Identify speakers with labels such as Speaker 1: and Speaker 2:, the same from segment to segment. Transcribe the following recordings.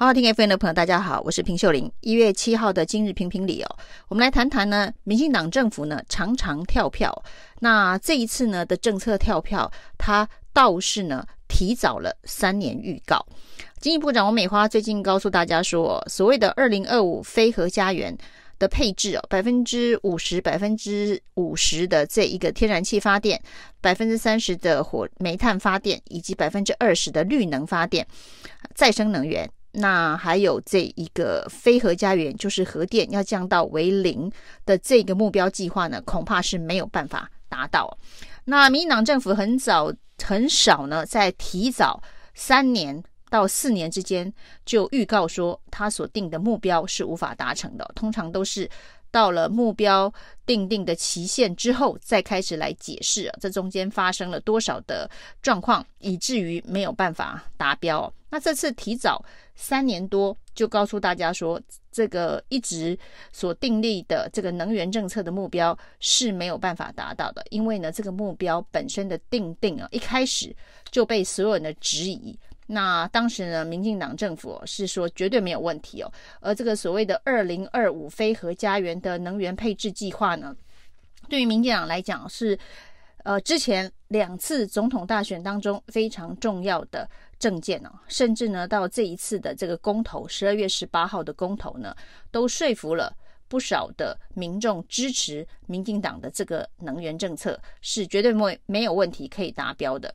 Speaker 1: 好好聽 FM 的朋友，大家好，我是平秀琳。一月七號的今日評評理哦，我們來談談呢，民進黨政府呢常常跳票，那這一次呢的政策跳票，它倒是呢提早了三年預告。經濟部長王美花最近告訴大家說，所謂的二零二五非核家園的配置哦，百分之五十、百分之五十的這一個天然氣發電，百分之三十的火煤炭發電，以及百分之二十的綠能發電，再生能源。那還有這一個非核家園，就是核電要降到為零的這個目標計劃呢，恐怕是沒有辦法達到。那民進黨政府很早、很少呢，在提早三年到四年之間就預告說，他所定的目標是無法達成的。通常都是。到了目標訂定的期限之後，再開始來解釋啊，這中間發生了多少的狀況，以至於沒有辦法達標。那這次提早三年多就告訴大家說，這個一直所訂立的這個能源政策的目標是沒有辦法達到的，因為呢，這個目標本身的訂定啊，一開始就被所有人的質疑。那當時呢，民進黨政府是說絕對沒有問題哦，而這個所謂的二零二五非核家園的能源配置計劃呢，對於民進黨來講是呃之前兩次總統大選當中非常重要的政見哦，甚至呢到這一次的這個公投，十二月十八號的公投呢，都說服了不少的民眾支持民進黨的這個能源政策是絕對沒沒有問題可以達標的。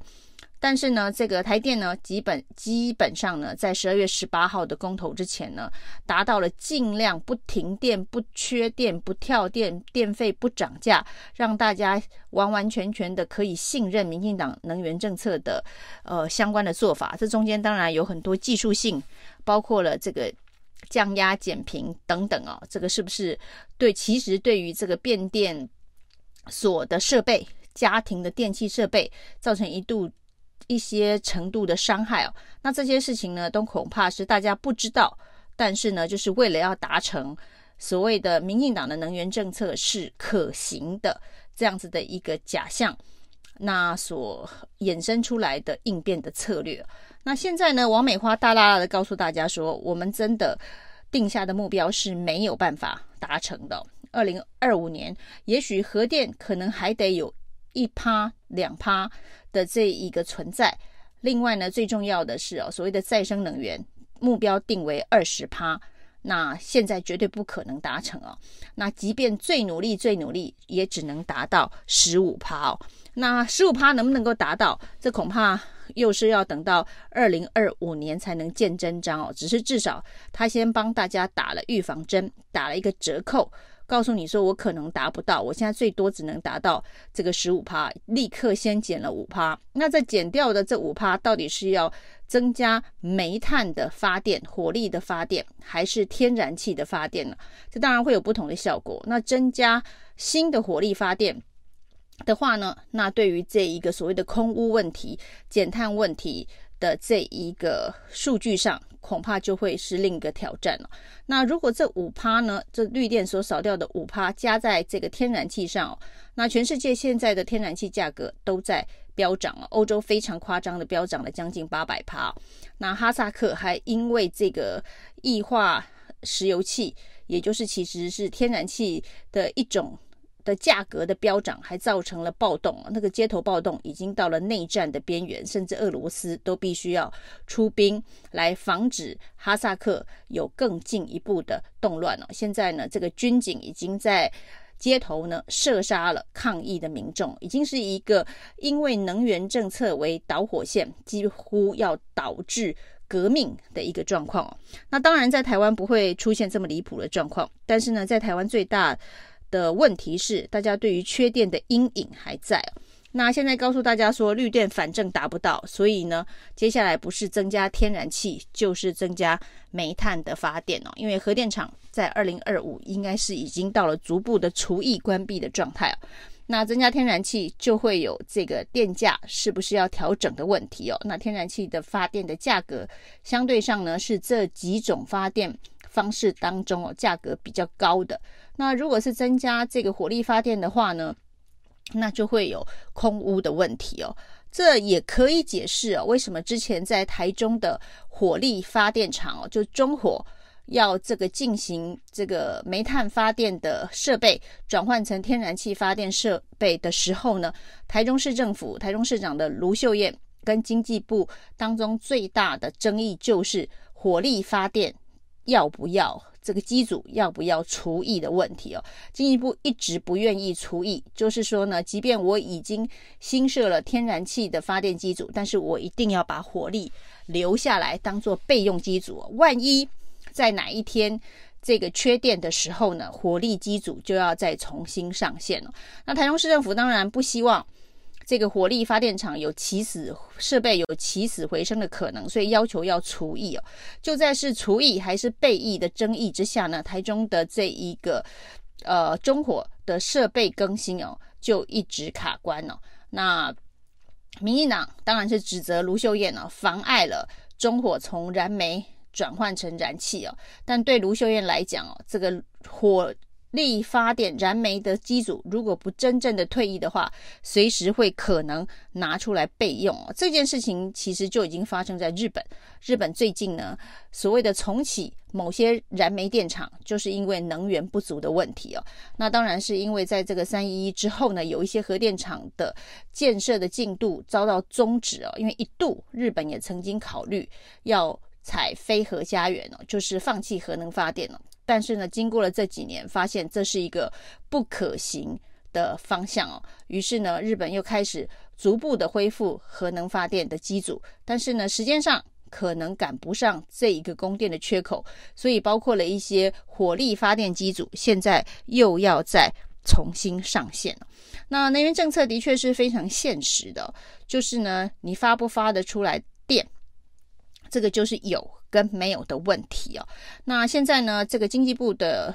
Speaker 1: 但是呢，這個台電呢，基本基本上呢，在十二月十八號的公投之前呢，達到了盡量不停電、不缺電、不跳電、電費不漲價，讓大家完完全全的可以信任民進黨能源政策的呃相關的做法。這中間當然有很多技術性，包括了這個降壓減頻等等哦。這個是不是對？其實對於這個變電所的設備、家庭的電器設備造成一度。一些程度的傷害哦，那這些事情呢，都恐怕是大家不知道，但是呢，就是為了要達成所謂的民進黨的能源政策是可行的這樣子的一個假象，那所衍生出來的應變的策略。那現在呢，王美花大大的告訴大家說，我們真的定下的目標是沒有辦法達成的哦。二零二五年，也許核電可能還得有一趴。兩趴的這一個存在。另外呢，最重要的是哦，所謂的再生能源目標定為二十趴，那現在絕對不可能達成哦。那即便最努力、最努力，也只能達到十五趴哦，那15。那十五趴能不能夠達到？這恐怕又是要等到二零二五年才能見真章哦。只是至少他先幫大家打了預防針，打了一個折扣。告訴你說，我可能達不到，我現在最多只能達到這個十五趴，立刻先減了五趴。那再減掉的這五趴，到底是要增加煤炭的發電、火力的發電，還是天然氣的發電呢？這當然會有不同的效果。那增加新的火力發電的話呢，那對於這一個所謂的空污問題、減碳問題。的這一個數據上，恐怕就會是另一個挑戰了，哦。那如果這五趴呢，這綠電所少掉的五趴加在這個天然氣上，哦，那全世界現在的天然氣價格都在飆漲哦，歐洲非常誇張的飆漲了將近八百趴。那哈薩克還因為這個液化石油氣，也就是其實是天然氣的一種。的價格的飆漲，還造成了暴動，那個街頭暴動已經到了內戰的邊緣，甚至俄羅斯都必須要出兵來防止哈薩克有更進一步的動亂了。現在呢，這個軍警已經在街頭呢射殺了抗議的民眾，已經是一個因為能源政策為導火線，幾乎要導致革命的一個狀況。那當然，在台灣不會出現這麼離譜的狀況，但是呢，在台灣最大。的問題是，大家對於缺電的陰影還在哦。那現在告訴大家說，綠電反正達不到，所以呢，接下來不是增加天然氣，就是增加煤炭的發電哦。因為核電廠在二零二五應該是已經到了逐步的除役關閉的狀態哦。那增加天然氣就會有這個電價是不是要調整的問題哦。那天然氣的發電的價格相對上呢，是這幾種發電。方式當中哦，價格比較高的，那如果是增加這個火力發電的話呢，那就會有空污的問題哦。這也可以解釋哦，為什麼之前在台中的火力發電廠哦，就中火要這個進行這個煤炭發電的設備轉換成天然氣發電設備的時候呢，台中市政府、台中市長的盧秀燕跟經濟部當中最大的爭議就是火力發電。要不要這個機組？要不要除役的問題哦？經濟部一直不願意除役，就是說呢，即便我已經新設了天然氣的發電機組，但是我一定要把火力留下來當做備用機組哦。萬一在哪一天這個缺電的時候呢，火力機組就要再重新上線了哦。那台中市政府當然不希望，這個火力發電廠有起死，設備，有起死回生的可能，所以要求要除役哦。就在是除役還是備役，的爭議之下呢，台中的這一個呃中火的設備更新哦，就一直卡關哦。那民進黨當然是指責盧秀燕哦，妨礙了中火從燃煤轉換成燃氣哦。但對盧秀燕來講哦，這個火。力發電燃煤的機組，如果不真正的退役的話，隨時會可能拿出來備用哦。這件事情其實就已經發生在日本。日本最近呢，所謂的重啟某些燃煤電廠，就是因為能源不足的問題哦。那當然是因為在這個三一一之後呢，有一些核電廠的建設的進度遭到終止哦，因為一度日本也曾經考慮要採非核家園哦，就是放棄核能發電了哦。但是呢，經過了這幾年，發現這是一個不可行的方向哦。於是呢，日本又開始逐步的恢復核能發電的機組，但是呢，時間上可能趕不上這一個供電的缺口，所以包括了一些火力發電機組，現在又要再重新上線。那能源政策的確是非常現實的，就是呢，你發不發得出來電？這個就是有跟沒有的問題哦。那現在呢，這個經濟部的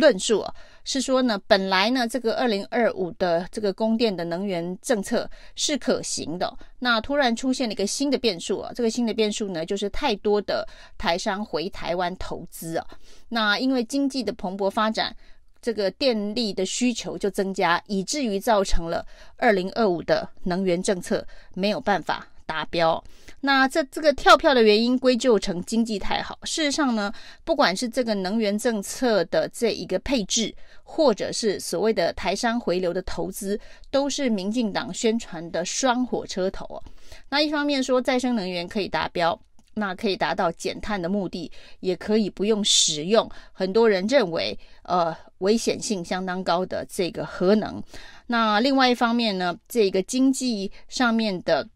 Speaker 1: 論述啊，是說呢，本來呢，這個二零二五的這個供電的能源政策是可行的哦。那突然出現了一個新的變數啊，這個新的變數呢，就是太多的台商回台灣投資啊。那因為經濟的蓬勃發展，這個電力的需求就增加，以至於造成了二零二五的能源政策沒有辦法達標。那這這個跳票的原因歸咎成經濟太好，事實上呢，不管是這個能源政策的這一個配置，或者是所謂的台商回流的投資，都是民進黨宣傳的雙火車頭。那一方面說再生能源可以達標，那可以達到減碳的目的，也可以不用使用很多人認為呃危險性相當高的這個核能。那另外一方面呢，這個經濟上面的。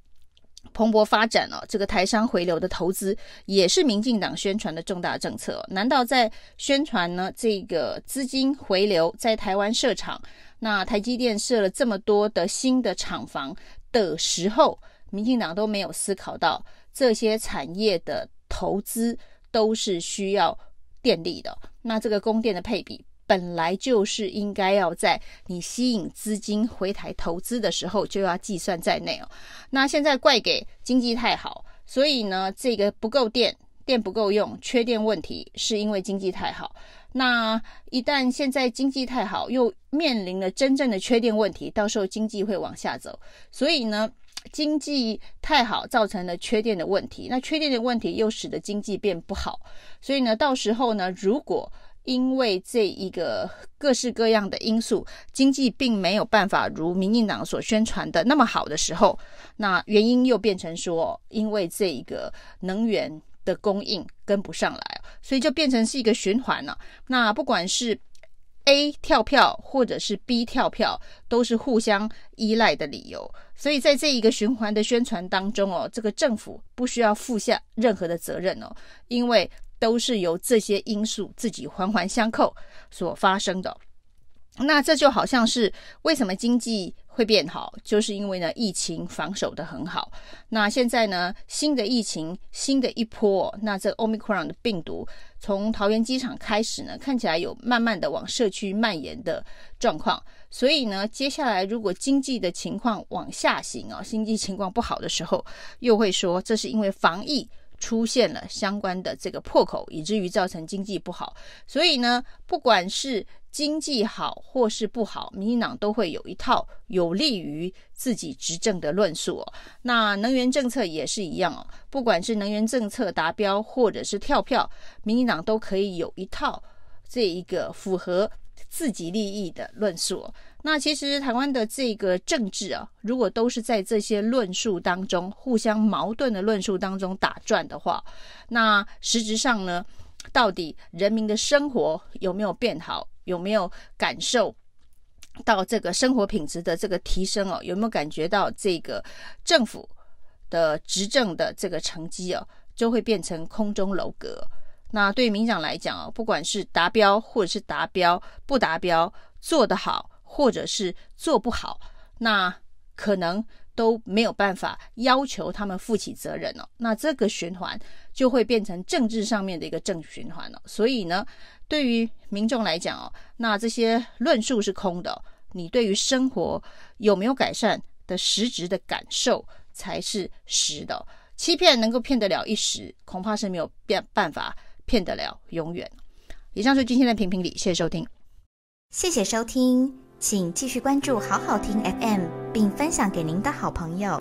Speaker 1: 蓬勃發展了，這個台商回流的投資也是民進黨宣傳的重大政策。難道在宣傳呢？這個資金回流在台灣設廠，那台積電設了這麼多的新的廠房的時候，民進黨都沒有思考到這些產業的投資都是需要電力的，那這個供電的配比？本來就是應該要在你吸引資金回台投資的時候就要計算在內哦。那現在怪給經濟太好，所以呢，這個不夠電，電不夠用，缺電問題是因為經濟太好。那一旦現在經濟太好，又面臨了真正的缺電問題，到時候經濟會往下走。所以呢，經濟太好造成了缺電的問題，那缺電的問題又使得經濟變不好。所以呢，到時候呢，如果因為這一個各式各樣的因素，經濟並沒有辦法如民進黨所宣傳的那麼好的時候，那原因又變成說，因為這一個能源的供應跟不上來，所以就變成是一個循環了，啊。那不管是 A 跳票或者是 B 跳票，都是互相依賴的理由。所以在這一個循環的宣傳當中哦，這個政府不需要負下任何的責任哦，因為。都是由這些因素自己環環相扣所發生的。那這就好像是為什麼經濟會變好，就是因為呢疫情防守的很好。那現在呢，新的疫情，新的一波，哦，那這 Omicron 的病毒從桃園機場開始呢，看起來有慢慢的往社區蔓延的狀況。所以呢，接下來如果經濟的情況往下行啊，哦，經濟情況不好的時候，又會說這是因為防疫，出現了相關的這個破口，以至於造成經濟不好。所以呢，不管是經濟好或是不好，民進黨都會有一套有利於自己執政的論述。那能源政策也是一樣哦，不管是能源政策達標或者是跳票，民進黨都可以有一套這一個符合。自己利益的論述，那其實台灣的這個政治啊，如果都是在這些論述當中互相矛盾的論述當中打轉的話，那實質上呢，到底人民的生活有沒有變好，有沒有感受到這個生活品質的這個提升哦、啊？有沒有感覺到這個政府的執政的這個成績哦、啊，就會變成空中樓閣。那對於民長來講哦，不管是達標或者是達標不達標，做得好或者是做不好，那可能都沒有辦法要求他們負起責任哦。那這個循環就會變成政治上面的一個正循環了，所以呢，對於民眾來講哦，那這些論述是空的，你對於生活有沒有改善的實質的感受才是實的。欺騙能夠騙得了一時，恐怕是沒有辦辦法，騙得了永遠。以上是今天的評評理，謝謝收聽。謝謝收聽，請繼續關注好好聽 FM，並分享給您的好朋友。